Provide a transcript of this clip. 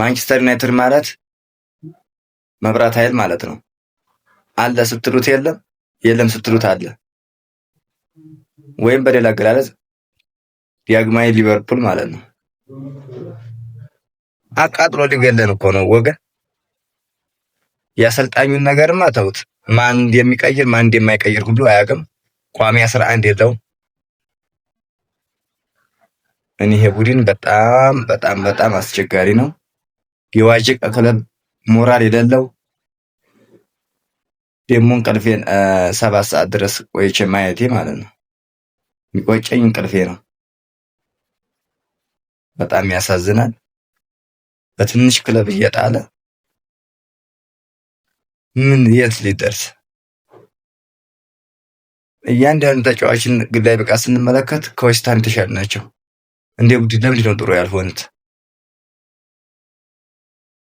ማንቸስተር ዩናይትድ ማለት መብራት ኃይል ማለት ነው። አለ ስትሉት የለም፣ የለም ስትሉት አለ። ወይም በሌላ አገላለጽ ዳግማዊ ሊቨርፑል ማለት ነው። አቃጥሎ ሊገለን እኮ ነው ወገን። የአሰልጣኙን ነገርማ ተውት። ማን እንደሚቀይር ማን እንደማይቀይር ሁሉ አያውቅም። ቋሚ አስራ አንድ የለውም። እኔ ይሄ ቡድን በጣም በጣም በጣም አስቸጋሪ ነው። የዋዥቅ ክለብ ሞራል የሌለው ደግሞ እንቅልፌን ሰባት ሰዓት ድረስ ቆይቼ ማየቴ ማለት ነው። የሚቆጨኝ እንቅልፌ ነው። በጣም ያሳዝናል። በትንሽ ክለብ እየጣለ ምን የት ሊደርስ እያንዳንዱ ተጫዋችን ግላይ ብቃት ስንመለከት ከዌስትሃም የተሻሉ ናቸው። እንደ ቡድን ለምንድን ነው ጥሩ ያልሆኑት?